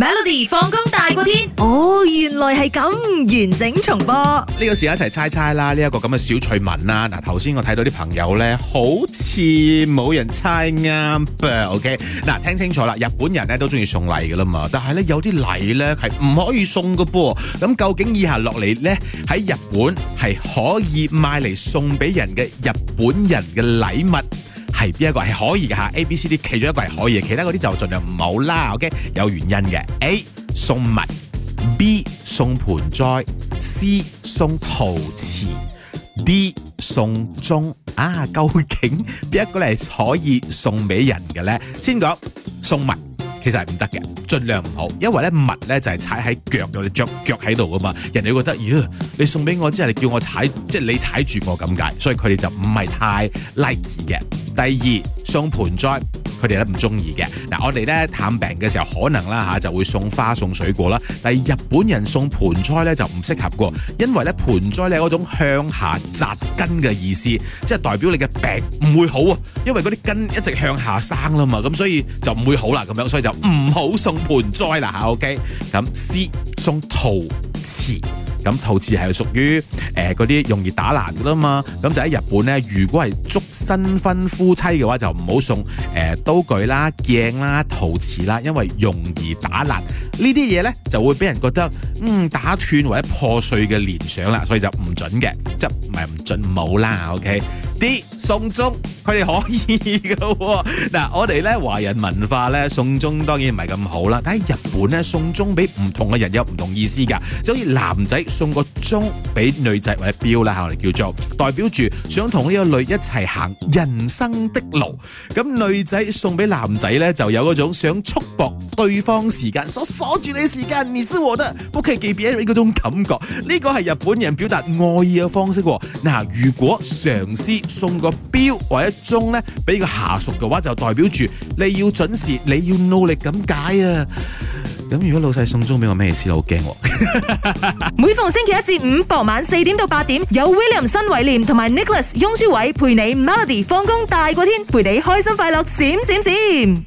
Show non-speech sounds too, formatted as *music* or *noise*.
Melody 放工大過天，哦，原來係咁，完整重播。呢個時一齊猜猜啦，呢、這、一個咁嘅小趣聞啦、啊。嗱，頭先我睇到啲朋友咧，好似冇人猜啱噃，OK？嗱，聽清楚啦，日本人咧都中意送禮噶啦嘛，但係咧有啲禮咧係唔可以送噶噃。咁究竟以下落嚟咧喺日本係可以買嚟送俾人嘅日本人嘅禮物？係邊一個係可以嘅吓？A、B、C、D，其中一個係可以嘅。其他嗰啲就盡量唔好啦。OK，有原因嘅。A 送物，B 送盆栽，C 送陶瓷，D 送鐘。啊，究竟邊一個嚟，可以送俾人嘅咧？先講送物。其實係唔得嘅，盡量唔好，因為咧襪咧就係、是、踩喺腳度，着腳喺度㗎嘛，人哋會覺得，咦、呃，你送俾我之後，你叫我踩，即、就、係、是、你踩住我咁解，所以佢哋就唔係太 like 嘅。第二，送盆栽。佢哋咧唔中意嘅嗱，我哋咧探病嘅時候可能啦嚇、啊、就會送花送水果啦，但係日本人送盆栽咧就唔適合嘅，因為咧盆栽咧嗰種向下紮根嘅意思，即係代表你嘅病唔會好啊，因為嗰啲根一直向下生啊嘛，咁所以就唔會好啦咁樣，所以就唔好送盆栽啦嚇。OK，咁 C 送陶瓷。咁陶瓷係屬於誒嗰啲容易打爛㗎啦嘛，咁就喺日本呢，如果係祝新婚夫妻嘅話，就唔好送誒、呃、刀具啦、鏡啦、陶瓷啦，因為容易打爛呢啲嘢呢，就會俾人覺得嗯打斷或者破碎嘅聯想啦，所以就唔準嘅，即係唔係唔準冇啦，OK。啲送鐘佢哋可以噶、哦，嗱我哋咧華人文化咧送鐘當然唔係咁好啦，但係日本咧送鐘俾唔同嘅人有唔同意思噶，所以男仔送個鐘俾女仔或者表啦，我、呃、哋叫做代表住想同呢個女一齊行人生的路，咁女仔送俾男仔咧就有嗰種想束縛對方時間，所鎖住你時間，你是我的屋企 g i v r y 嗰種感覺，呢、這個係日本人表達愛意嘅方式、哦。嗱如果上司。送個表或者鐘咧，俾個下屬嘅話，就代表住你要準時，你要努力咁解啊！咁如果老細送鐘俾我咩意思？我好驚。啊、 *laughs* 每逢星期一至五傍晚四點到八點，有 William 新偉廉同埋 Nicholas 翁舒偉陪你 Melody 放工大過天，陪你開心快樂閃閃閃。閃閃閃閃